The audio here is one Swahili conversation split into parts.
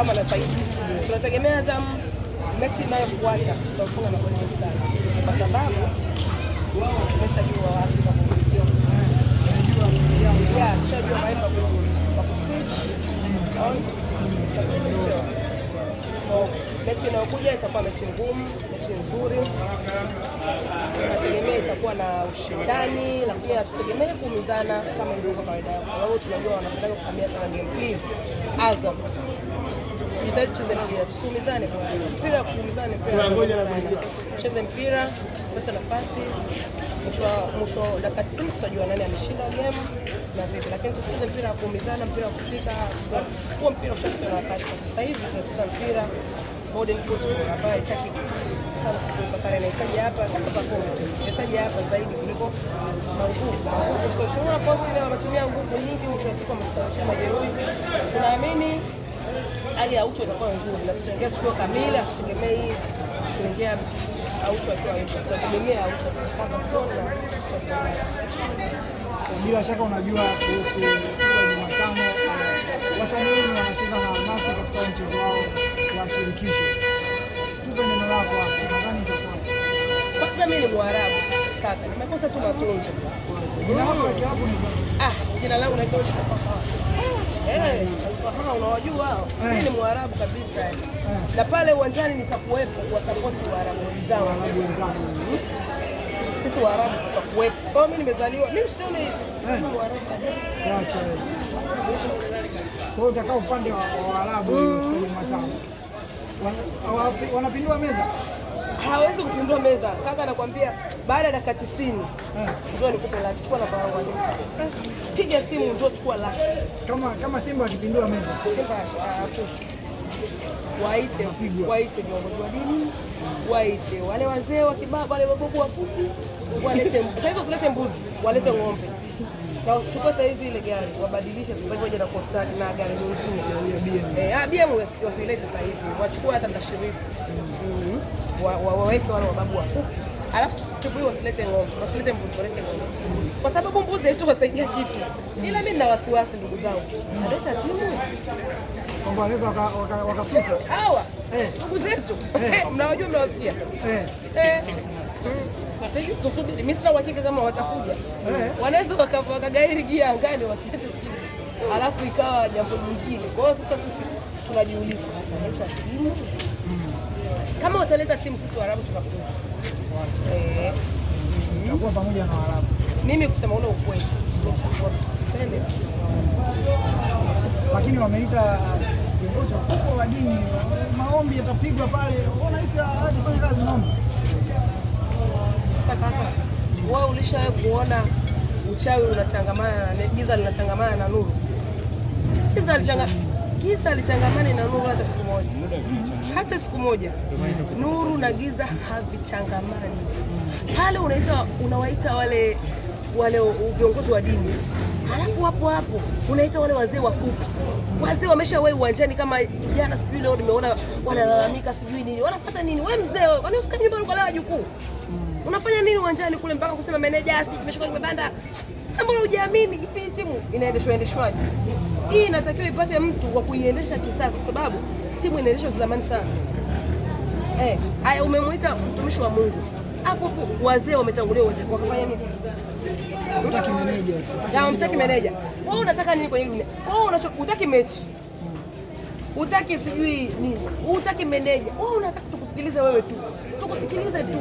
kama na zaidi. Tunategemea Azam mechi inayofuata tutafunga na kwenye sana, kwa sababu wao tumeshajua wapi pa kufikia, tushajua mahali kwa kuswitch mechi inayokuja itakuwa mechi ngumu, mechi nzuri, tunategemea itakuwa na ushindani, lakini hatutegemei kuumizana kama ilivyo kawaida, kwa sababu tunajua wanapenda kukamia sana game. Please Azam Tujitahidi tucheze mpira, tusiumizane. Mpira kuumizane, mpira tucheze mpira, pata nafasi. Mwisho dakika tisini tutajua nani ameshinda game na vipi, lakini tusicheze mpira wa kuumizana, mpira wa kufika. Huo mpira ushapitwa na wakati. Sasa hivi tunacheza mpira modern football ambayo haitaki sana kutoka pale, inahitaji hapa hapa kwa inahitaji hapa zaidi kuliko nguvu. Kwa hiyo sio shule posti leo wametumia nguvu nyingi, mwisho wa siku wamesababisha majeruhi. Tunaamini hali ya Aucho itakuwa nzuri na tutaongea tukio kamili, hatutegemei kuongea Aucho akiwa yupo, tunategemea Aucho atapata sona. Bila shaka unajua kuhusu Jumatano eh, watani wenu wanacheza na Almasi katika mchezo wao wa shirikisho, tupe neno lako hapo, nadhani itakuwa kwanza. Mimi ni Mwarabu kaka, nimekosa tu matunzo. Jina lako ni ah, jina langu naitwa Eh, kama unawajua eh. mimi ni Mwarabu kabisa eh. na pale uwanjani nitakuwepo kuwasapoti Waarabu wenzao. Hmm? Sisi Waarabu tutakuwepo. Kwa mimi nimezaliwa mimi sioni hivi. Eh. Waarabu kabisa. Kwa hiyo utakaa upande wa Waarabu hmm. siku Jumatano. Wanapindua meza hawezi kupindua meza. Kaka anakuambia baada ya dakika 90 njoo nikupe laki, chukua na kwangu aje, piga simu, njoo chukua laki. Kama kama Simba akipindua meza, Simba uh, waite waite viongozi wa dini, waite wale wazee wa kibaba, wale wababu wafupi, walete sasa hizo, wasilete mbuzi, walete ng'ombe na usichukue saa hizi ile gari wabadilishe sasa hivi waje na costa na gari nyingine ya BM. Eh, ah, BM wasilete sasa hizi, wachukue hata mtashirifu. Mm-hmm waweke wale wababu wafupi, alafu siku hiyo wasilete ng'ombe, wasilete mbuzi, walete ng'ombe, kwa sababu mbuzi wasaidia kitu. Ila mimi nina wasiwasi ndugu zangu, aleta timu kwamba wanaweza wakasusa hawa ndugu eh. zetu, eh. mnawajua, mnawasikia eh. mm. Sijui tusubiri, mimi sina uhakika kama watakuja, wanaweza wakagairi gia angani wasilete timu, alafu ikawa jambo jingine. Kwa hiyo sasa sisi tunajiuliza wataleta timu kama utaleta timu sisi Waarabu tunakuja. Eh. Tutakuwa pamoja na Waarabu. Mimi kusema ule ukweli. Lakini wameita viongozi uh, wakubwa wa dini, maombi yatapigwa pale. Unahisi atafanya kazi maombi? Sasa kaka, wewe ulishawahi kuona uchawi unachangamana na giza linachangamana na nuru? Giza linachangamana giza alichangamani na nuru hata siku moja, hata siku moja. Nuru na giza havichangamani. Pale unaita unawaita wale wale viongozi wa dini, halafu hapo hapo unaita wale wazee wafupi. Wazee wameshawahi uwanjani kama jana, sijui leo nimeona wanalalamika sijui nini, wanafuata nini? We mzee, usikae nyumbani ukalawa jukuu, unafanya nini uwanjani kule mpaka kusema meneja, sijui tumeshuka, kimebanda mbona hujaamini? Hii timu inaendeshwa endeshwaje? Hii inatakiwa ipate mtu wa kuiendesha kisasa, kwa sababu timu inaendeshwa zamani sana. Eh, haya, umemwita mtumishi wa Mungu hapo, wazee wametangulia, wamefanya nini? Unataka meneja, unataka meneja wewe, unataka nini kwenye dunia? Wewe unachotaka utaki mechi, hmm. utaki sijui nini, utaki meneja wewe, unataka tukusikilize wewe tu, tukusikilize tu.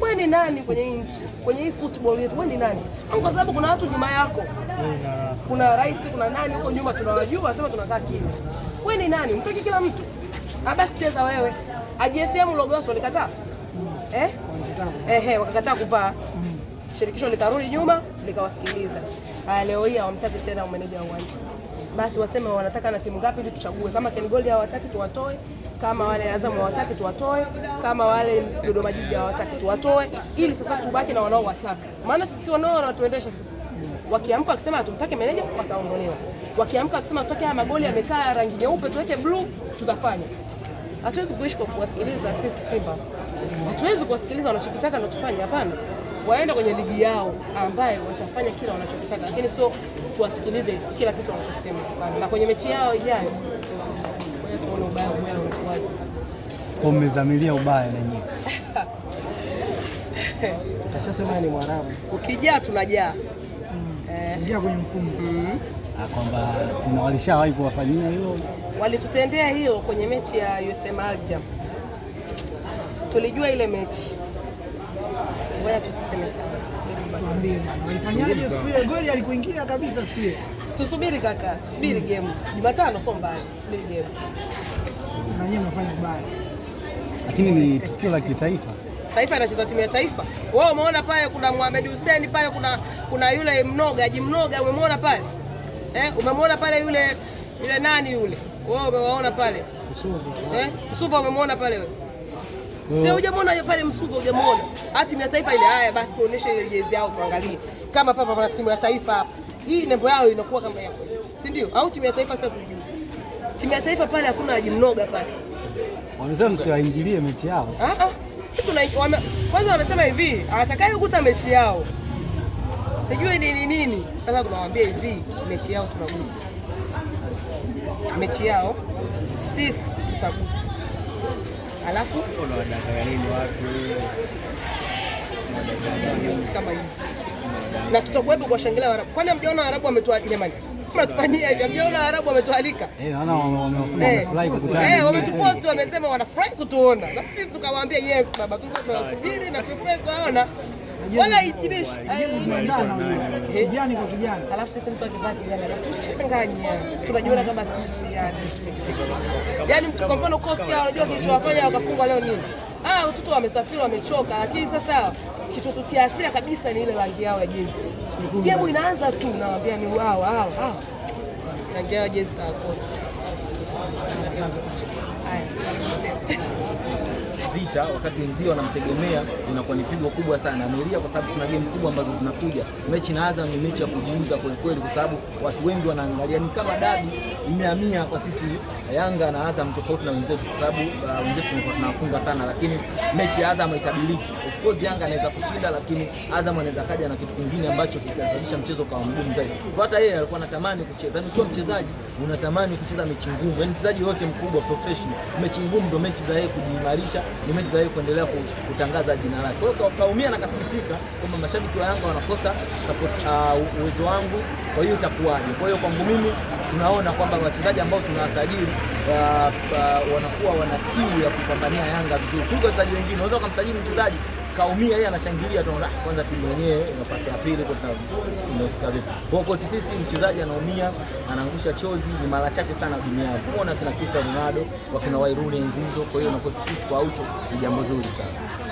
Wewe ni nani kwenye nchi, kwenye hii football yetu? Wewe ni nani? Kwa sababu kuna watu nyuma yako, kuna rais, kuna nani huko nyuma, tunawajua, sema tunakaa kimya. Wewe ni nani? Mtaki kila mtu abasi, cheza wewe. AJSM logo yao walikataa, eh eh, wakakataa kuvaa. Shirikisho likarudi nyuma likawasikiliza. Haya, leo hii hawamtaki tena umeneja wa uwanja basi waseme wanataka na timu ngapi ili tuchague. Kama Gold hawataki tuwatoe, kama wale Azam hawataki tuwatoe, kama wale Dodoma Jiji hawataki tuwatoe, ili sasa tubaki na wanaowataka, maana sisi wanao wanatuendesha sisi. Wakiamka wakisema hatumtaki meneja, wataondolewa. Wakiamka wakisema tutake haya magoli yamekaa rangi nyeupe tuweke blue, tutafanya. Hatuwezi kuishi kwa kuwasikiliza sisi Simba, hatuwezi kuwasikiliza wanachokitaka na tufanye. Hapana, waenda kwenye ligi yao ambayo watafanya kila wanachokitaka, lakini sio tuwasikilize kila kitu wanachosema. na kwenye mechi yao ijayo tuone ubaya ubaya unakuwaje. Mmezamilia ubaya nenyewe Kashasema ni Mwarabu, ukijaa tunajaa mm. eh. ingia kwenye mfumo mm. ah, kwamba kuna walishawahi kuwafanyia hiyo Walitutendea hiyo kwenye mechi ya USM Alger. Tulijua ile mechi. Ngoja tusiseme sana. Goli alikuingia kabisa siku ile. Tusubiri kaka, tusubiri hmm. game. Jumatano sio mbali. Tusubiri game. Na yeye anafanya baya. Lakini ni tukio la kitaifa. Taifa inacheza timu ya taifa. Wewe umeona pale kuna Mohamed Hussein pale kuna kuna yule mnoga, jimnoga umemwona pale? Eh, umemwona pale yule yule nani yule? Wewe umewaona pale Msuva, eh? umemwona pale wewe? Si hujamwona pale Msuva, hujamwona hata timu ya taifa ile. Haya basi, tuoneshe ile jezi yao tuangalie, kama papa pana timu ya taifa hapa, hii nembo yao inakuwa kama yako, si ndio? Au timu ya taifa sasa, tujue timu ya taifa pale hakuna ajimnoga pale, wanasema msiwaingilie mechi yao. Ah ah, si tuna kwanza, wamesema hivi atakayegusa mechi yao sijui nini nini. Sasa tunawaambia hivi, mechi yao tunagusa mechi yao, sisi tutagusa, alafu kama hivi na tutakuwepo kuwashangilia Waarabu. Kwani hamjaona Waarabu wametoa jamani natufanyia hivi mjaona Waarabu wametualika eh, eh, eh, wametuposti, wamesema wanafurahi kutuona, na sisi tukawaambia yes baba, tulikuwa tunawasubiri na tunafurahi kuwaona wala ijibishi kijani kwa kijani, alafu sasa mtu akivaa kijani anatuchanganya, tunajiona kama sisi yani, yani kwa mfano Costa, unajua kilichowafanya wakafungwa leo nini? Ah, watoto wamesafiri wamechoka, lakini sasa kichotutia hasira kabisa ni ile rangi yao ya jezi. Gemu inaanza tu, nawambia ni wao hao hao, rangi yao jezi ya Costa. Asante sana. Haya kupita, wakati wenzio wanamtegemea, inakuwa ni pigo kubwa sana. Amelia kwa sababu tuna game kubwa ambazo zinakuja. Mechi na Azam ni mechi ya kujiuza kweli, kwa sababu watu wengi wanaangalia ni kama dabi mia kwa sisi Yanga na Azam, tofauti na wenzetu, kwa sababu uh, wenzetu tunakuwa tunafunga sana, lakini mechi ya Azam itabiliki. Of course Yanga anaweza kushinda, lakini Azam anaweza kaja na kitu kingine ambacho kitasababisha mchezo kwa mgumu zaidi. Hata yeye alikuwa anatamani kucheza, yani ukiwa mchezaji unatamani kucheza mechi ngumu, yani mchezaji yote mkubwa professional, mechi ngumu ndio mechi za yeye kujiimarisha, ni hatujawahi kuendelea kutangaza jina lake. Kwa hiyo kaumia na kasikitika kwamba mashabiki wa Yanga wanakosa support uh, uwezo wangu, kwa hiyo itakuwaje? Kwa hiyo kwangu mimi tunaona kwamba wachezaji ambao tunawasajili uh, uh, wanakuwa wana kiu ya kupambania Yanga vizuri kuliko wachezaji wengine. Unaweza kumsajili mchezaji kaumia yeye anashangilia tu, ah, kwanza timu yenyewe nafasi ya pili tunahusika vipi? Kwa hiyo sisi mchezaji anaumia, anaangusha chozi, ni mara chache sana duniani. Kuona kina Cristiano Ronaldo, wakina Wayne Rooney, Nzizo. Kwa hiyo na sisi kwa Aucho ni jambo zuri sana.